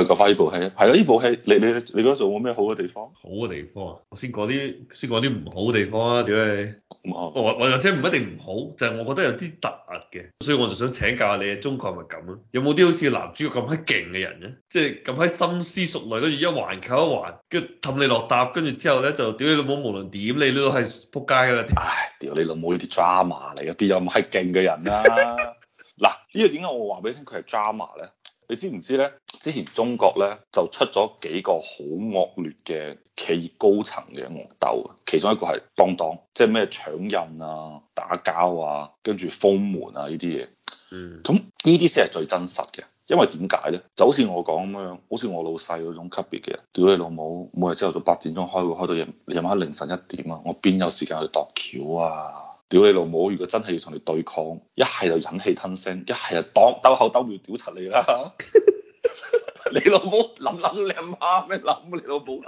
你覺得翻呢部戲咧，係咯？呢部戲你你你覺得仲有冇咩好嘅地方？好嘅地方啊！我先講啲先講啲唔好嘅地方啊！屌你！或者有，我唔一定唔好，就係我覺得有啲突兀嘅，所以我就想請教下你，中國係咪咁啊？有冇啲好似男主角咁閪勁嘅人咧？即係咁閪心思熟慮，跟住一環扣一環，跟住氹你落搭，跟住之後咧就屌你老母，無論點你都係仆街噶啦！唉，屌你老母呢啲 drama 嚟嘅，邊有咁閪勁嘅人啊？嗱， 呢個點解我話俾你聽佢係 drama 咧？你知唔知咧？之前中國咧就出咗幾個好惡劣嘅企業高層嘅惡鬥，其中一個係當當，即係咩搶印啊、打交啊、跟住封門啊呢啲嘢。嗯，咁呢啲先係最真實嘅，因為點解咧？就好似我講咁樣，好似我老細嗰種級別嘅人，屌你老母，每日朝頭早八點鐘開會，開到夜夜晚凌晨一點啊，我邊有時間去度橋啊？屌你老母！如果真係要同你對抗，一係就忍氣吞聲，一係就當兜口兜面屌柒你啦！ 你老母諗諗你阿媽咩，諗你老母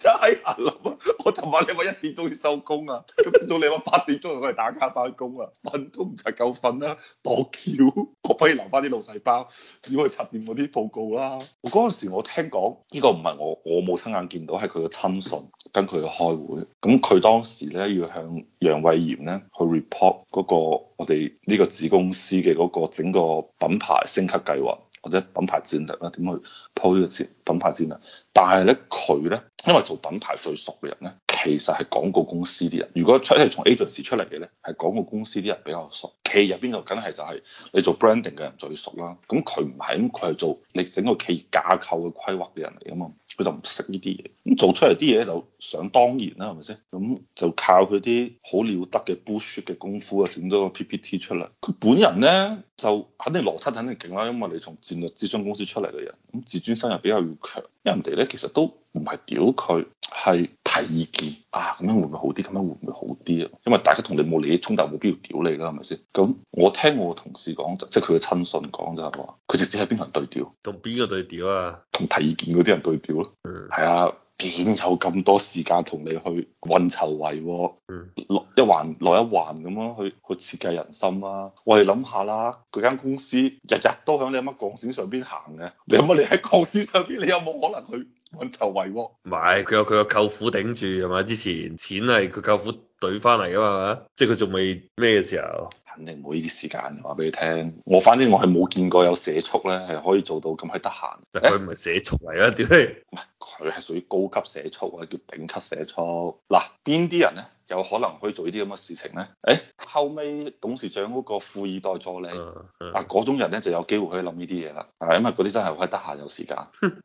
太閪難諗啊！我尋晚你話一點鐘要收工啊，咁早你話八點鐘又嚟打卡翻工啊？瞓都唔使夠瞓啦，度橋！可以留翻啲老細包，要去執掂嗰啲報告啦、啊。我嗰陣時我聽講，呢、這個唔係我，我冇親眼見到，係佢嘅親信跟佢去開會。咁佢當時咧要向楊偉賢咧去 report 嗰、那個我哋呢個子公司嘅嗰個整個品牌升級計劃或者品牌戰略啦，點去 push 呢個戰品牌戰略。但係咧佢咧，因為做品牌最熟嘅人咧，其實係廣告公司啲人。如果出係從 agency 出嚟嘅咧，係廣告公司啲人比較熟。企業入邊就梗係就係你做 branding 嘅人最熟啦，咁佢唔係，咁佢係做你整個企業架構嘅規劃嘅人嚟㗎嘛。佢就唔識呢啲嘢，咁做出嚟啲嘢就想當然啦，係咪先？咁就靠佢啲好了得嘅 bullshit 嘅功夫啊，整咗個 PPT 出嚟。佢本人咧就肯定邏輯肯定勁啦，因為你從戰略諮詢公司出嚟嘅人，咁自尊心又比較要強。人哋咧其實都唔係屌佢係提意見啊，咁樣會唔會好啲？咁樣會唔會好啲啊？因為大家同你冇利益衝突，冇必要屌你㗎，係咪先？咁我聽我同事講，即係佢嘅親信講就係話，佢直接係邊個人對屌？同邊個對屌啊？同提意見嗰啲人對屌。係、嗯、啊，邊有咁多時間同你去運籌帷幄喎、啊嗯？落一環落一環咁咯，去去設計人心啊！我哋諗下啦，佢間公司日日都喺你乜鋼線上邊行嘅，你乜你喺鋼線上邊，你有冇可能去運籌帷幄喎、啊？唔係，佢有佢個舅父頂住係嘛？之前錢係佢舅父攤翻嚟噶嘛？即係佢仲未咩嘅時候？肯定冇呢啲時間，話俾你聽。我反正我係冇見過有社畜咧，係可以做到咁閪得閒。佢唔係社畜嚟啊屌！唔佢係屬於高級社畜啊，叫頂級社畜。嗱，邊啲人咧有可能可以做呢啲咁嘅事情咧？誒、欸，後尾董事長嗰個富二代助理啊，嗰、uh, uh. 種人咧就有機會可以諗呢啲嘢啦。係啊，因為嗰啲真係好閪得閒有時間。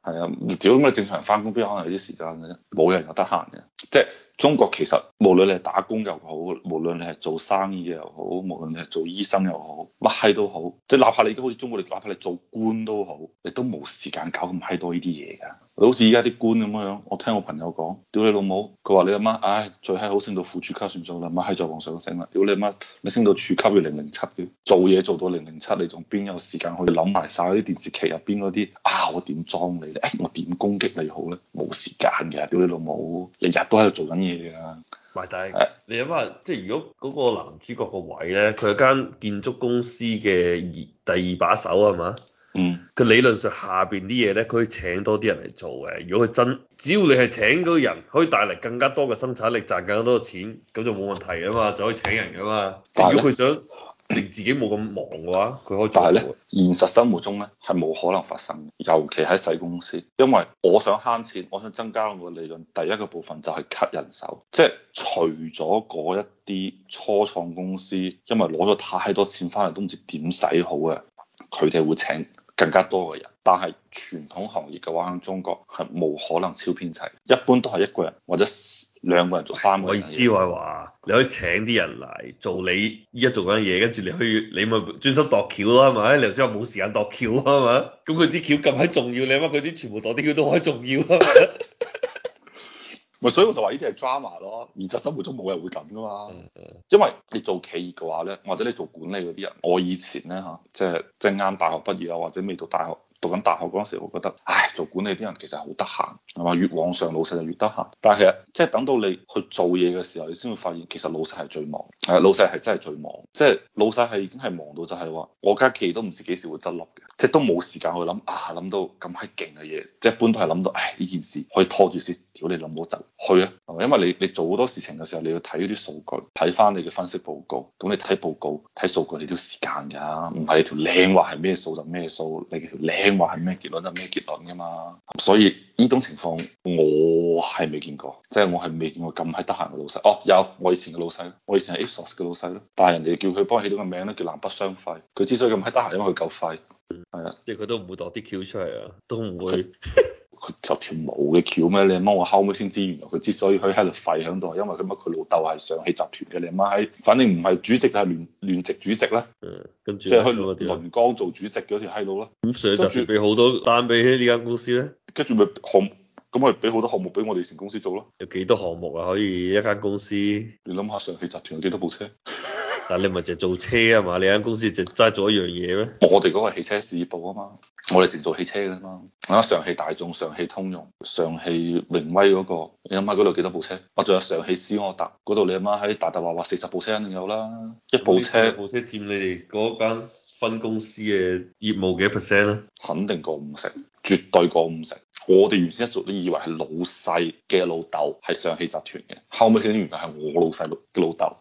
係 啊，屌咁你正常翻工邊可能有啲時間啫？冇人有得閒嘅。即係中國其實，無論你係打工又好，無論你係做生意又好，無論你係做醫生又好，乜閪都好，即係哪怕你而家好似中國，你哪怕你做官都好，你都冇時間搞咁閪多呢啲嘢㗎。好似而家啲官咁樣，我聽我朋友講，屌你老母，佢話你阿媽，唉，最閪好升到副處級算數啦，乜閪再往上升啦，屌你媽，你升到處級要零零七嘅，做嘢做到零零七，你仲邊有時間去諗埋晒啲電視劇入邊嗰啲啊？我點裝你咧？誒，我點攻擊你好咧？冇時間嘅，屌你老母，日日。都喺度做緊嘢㗎。咪但係你諗下，即係如果嗰個男主角個位咧，佢係間建築公司嘅二第二把手係嘛？嗯。佢理論上下邊啲嘢咧，佢可以請多啲人嚟做嘅。如果佢真，只要你係請嗰個人，可以帶嚟更加多嘅生產力，賺更加多嘅錢，咁就冇問題㗎嘛，就可以請人㗎嘛。如果佢想，你自己冇咁忙嘅話，佢可以做。但係咧，現實生活中咧係冇可能發生，尤其喺細公司，因為我想慳錢，我想增加我嘅利潤。第一個部分就係 cut 人手，即係除咗嗰一啲初創公司，因為攞咗太多錢翻嚟都唔知點使好嘅，佢哋會請更加多嘅人。但係傳統行業嘅話，喺中國係冇可能超編齊，一般都係一個人或者兩個人做三個，意思我係話你可以請啲人嚟做你依家做緊嘢，跟住你可以你咪專心度橋咯，係咪？你又知冇時間度橋啊，係咪？咁佢啲橋咁閪重要，你乜佢啲全部度啲橋都好重要啊？咪？係，所以我就話呢啲係 drama 咯，現實生活中冇人會咁噶嘛。因為你做企業嘅話咧，或者你做管理嗰啲人，我以前咧嚇，即係即係啱大學畢業啊，或者未讀大學。讀緊大學嗰陣時，我覺得，唉，做管理啲人其實好得閒，係嘛？越往上老細就越得閒。但係其實即係等到你去做嘢嘅時候，你先會發現其實老細係最忙，係老細係真係最忙，即係老細係已經係忙到就係話，我家企都唔知幾時會執笠嘅，即係都冇時間去諗啊，諗到咁閪勁嘅嘢，即係一般都係諗到，唉，呢件事可以拖住先，屌你諗好就去啊，係咪？因為你你做好多事情嘅時候，你要睇嗰啲數據，睇翻你嘅分析報告，咁你睇報告睇數據，你都時間㗎，唔係你條靚話係咩數就咩數，你條靚。話係咩結論就咩結論噶嘛，所以呢種情況我係未見過，即係我係未見過咁喺得閒嘅老細。哦，有我以前嘅老細，我以前係 Aplus 嘅老細咯，但係人哋叫佢幫我起到個名咧，叫南北雙快。佢之所以咁喺得閒，因為佢夠快，係啊、嗯，即係佢都唔會攞啲 Q 出嚟啊，都唔會他。 就條毛嘅橋咩？你阿媽我後屘先知，原來佢之所以佢喺度吠響度，係因為佢乜佢老豆係上汽集團嘅，你阿媽喺，反正唔係主席就係聯聯席主席啦。嗯，跟住即係去臨江做主席嗰條閪佬啦。咁上汽集團俾好多，單俾呢間公司咧，跟住咪項，咁佢俾好多項目俾我哋成公司做咯。有幾多項目啊？可以一間公司？你諗下，上汽集團有幾多部車？ 嗱，你咪淨係做車啊嘛？你間公司淨齋做一樣嘢咩？我哋嗰個汽車事業部啊嘛，我哋淨做汽車噶啫嘛。啊，上汽大眾、上汽通用、上汽榮威嗰個，你諗下嗰度幾多部車？我仲有上汽斯柯達嗰度，你阿媽喺大大話話四十部車肯定有啦。一部車部車佔你哋嗰間分公司嘅業務幾 percent 咧？肯定過五成，絕對過五成。我哋原先一族都以為係老細嘅老豆，係上汽集團嘅，後尾其實原來係我老細嘅老豆。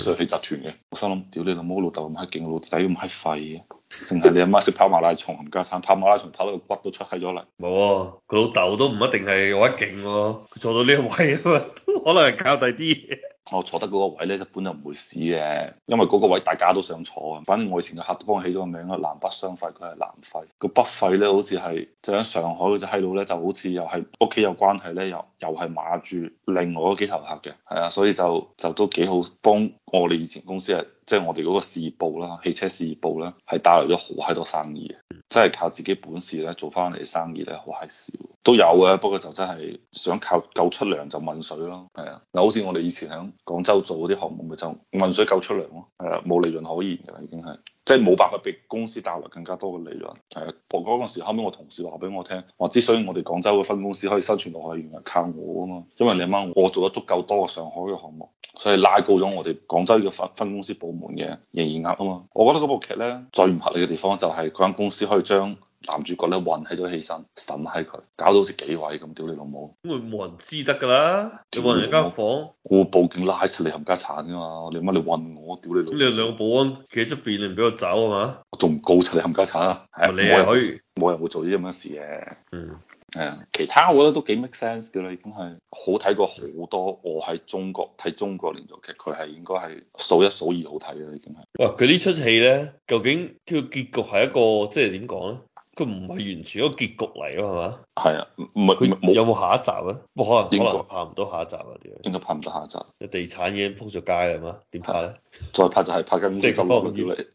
上海集團嘅， 團我心諗，屌你老母老豆咁閪勁，老仔咁閪廢嘅，淨係你阿媽識跑馬拉松冚家鏟，跑馬拉松跑到個骨都出喺咗嚟。冇， 佢、啊、老豆都唔一定係我閪勁，佢坐到呢個位啊嘛，都可能係靠第啲嘢。我坐得嗰個位咧，就本就唔會死嘅，因為嗰個位大家都想坐啊，反正我以前嘅客都幫我起咗個名咯，南北雙費，佢係南費，個北費咧好似係就喺上海嗰隻閪佬咧，就好似又係屋企有關係咧，又又係馬住另外嗰幾頭客嘅，係啊，所以就就都幾好幫。我哋以前公司係，即、就、係、是、我哋嗰個事業部啦，汽車事業部咧，係帶來咗好閪多生意嘅，真係靠自己本事咧做翻嚟生意咧，好閪少，都有嘅，不過就真係想靠夠出糧就揾水咯，係啊，嗱，好似我哋以前喺廣州做嗰啲項目，咪就揾水夠出糧咯，係啊，冇利潤可言㗎啦，已經係，即係冇辦法俾公司帶來更加多嘅利潤，係啊，那個、我嗰陣時後尾，我同事話俾我聽，話之所以我哋廣州嘅分公司可以生存落去，原來靠我啊嘛，因為你啱，啱我做咗足夠多嘅上海嘅項目。所以拉高咗我哋廣州嘅分分公司部門嘅營業額啊嘛！我覺得嗰部劇咧最唔合理嘅地方就係嗰間公司可以將男主角咧韞喺咗起身，審喺佢，搞到好似幾位咁，屌你老母！會冇人知得㗎啦！你冇人間房，我會報警拉出嚟冚家鏟㗎嘛！你乜你韞我，屌你老母！咁你有兩個保安企喺出邊，你唔俾我走啊嘛？我仲唔告出嚟冚家鏟啊！你啊佢，冇人，冇人會做啲咁嘅事嘅。嗯。係啊，其他我覺得都幾 make sense 嘅啦，已經係好睇過好多我喺中國睇中國連續劇，佢係應該係數一數二好睇嘅啦，已經係。哇，佢呢出戲咧，究竟叫結局係一個即係點講咧？佢唔係完全一個結局嚟啊嘛，係嘛？係啊，唔係佢有冇下一集咧？冇可能，國可能拍唔到下一集啊？點解？應該拍唔到下一集。地產已經仆咗街係嘛？點拍咧？再拍就係拍緊四十多億，屌你，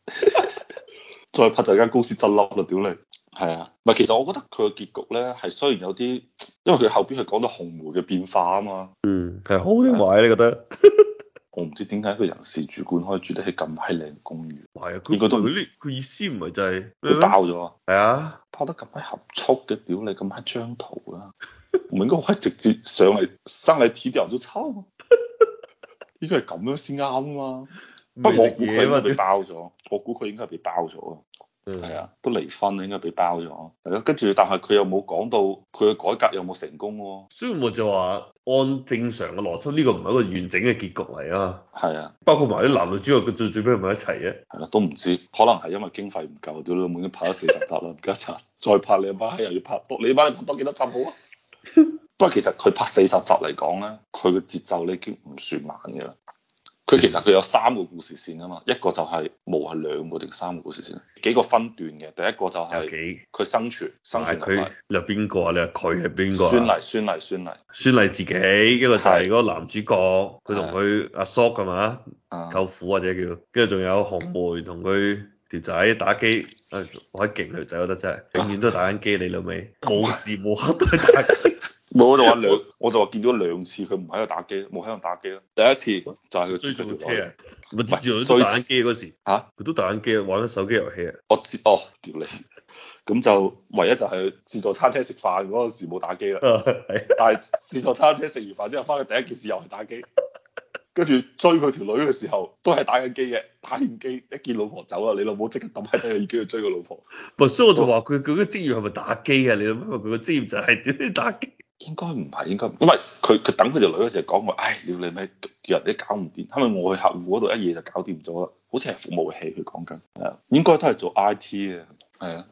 再拍就間公司執笠啦，屌你！係啊，唔係其實我覺得佢個結局咧係雖然有啲，因為佢後邊係講到紅梅嘅變化啊嘛。嗯，其實好靚位，你覺得？ 我唔知點解個人事主管可以住得係咁閪靚公寓。係啊，應該都佢啲佢意思唔係就係佢包咗啊。係啊，包得咁閪合租嘅，屌你咁閪張圖啊，唔應該可以直接上嚟生嚟貼啲人都抄啊，應該係咁樣先啱啊嘛。不過 我估佢應該被包咗，我估佢應該係被包咗啊。係啊，都離婚啦，應該俾包咗。係咯、啊，跟住但係佢又冇講到佢嘅改革有冇成功喎、啊。所以咪就話按正常嘅邏輯，呢、這個唔係一個完整嘅結局嚟啊。係啊，包括埋啲男女主角，佢最最屘係咪一齊嘅、啊？係咯、啊，都唔知。可能係因為經費唔夠，屌你妹都拍咗四十集啦，唔記得查。再拍兩班又要拍多，你班你拍多幾多集好啊？ 不過其實佢拍四十集嚟講咧，佢嘅節奏咧已經唔算慢嘅。佢 其實佢有三個故事線啊嘛，一個就係、是、無係兩個定三個故事線，幾個分段嘅。第一個就係佢生存，生存入邊個啊？你話佢係邊個啊？孫儷，孫儷，孫儷，孫儷自己。一個就係嗰個男主角，佢同佢阿叔係嘛？舅父或、啊、者叫，跟住仲有紅玫同佢條仔打機。誒、哎，我係勁女仔覺得真係，永遠都打緊機，你老味，無時無刻都打 冇我度話兩，啊、我就話見到兩次佢唔喺度打機，冇喺度打機啦。第一次就係佢追佢條女車、啊，唔係追住佢打緊機嗰時嚇，佢都打緊機,、啊打機，玩緊手機遊戲啊。我知，哦屌你咁就唯一就係自助餐廳食飯嗰陣時冇打機啦。但係自助餐廳食完飯之後，翻去第一件事又係打機，跟住追佢條女嘅時候都係打緊機嘅，打完機一見老婆走啦，你老母即刻抌喺低耳機去追個老婆。唔係，所以我就話佢佢嘅職業係咪打機啊？你諗下佢嘅職業就係打機。 應該唔係，應該唔，因為佢佢等佢條女嗰時講話，唉、哎，你理咩？叫人哋搞唔掂，後尾我去客戶嗰度一嘢就搞掂咗啦，好似係服務器佢講緊，係啊，應該都係做 I T 嘅，係啊。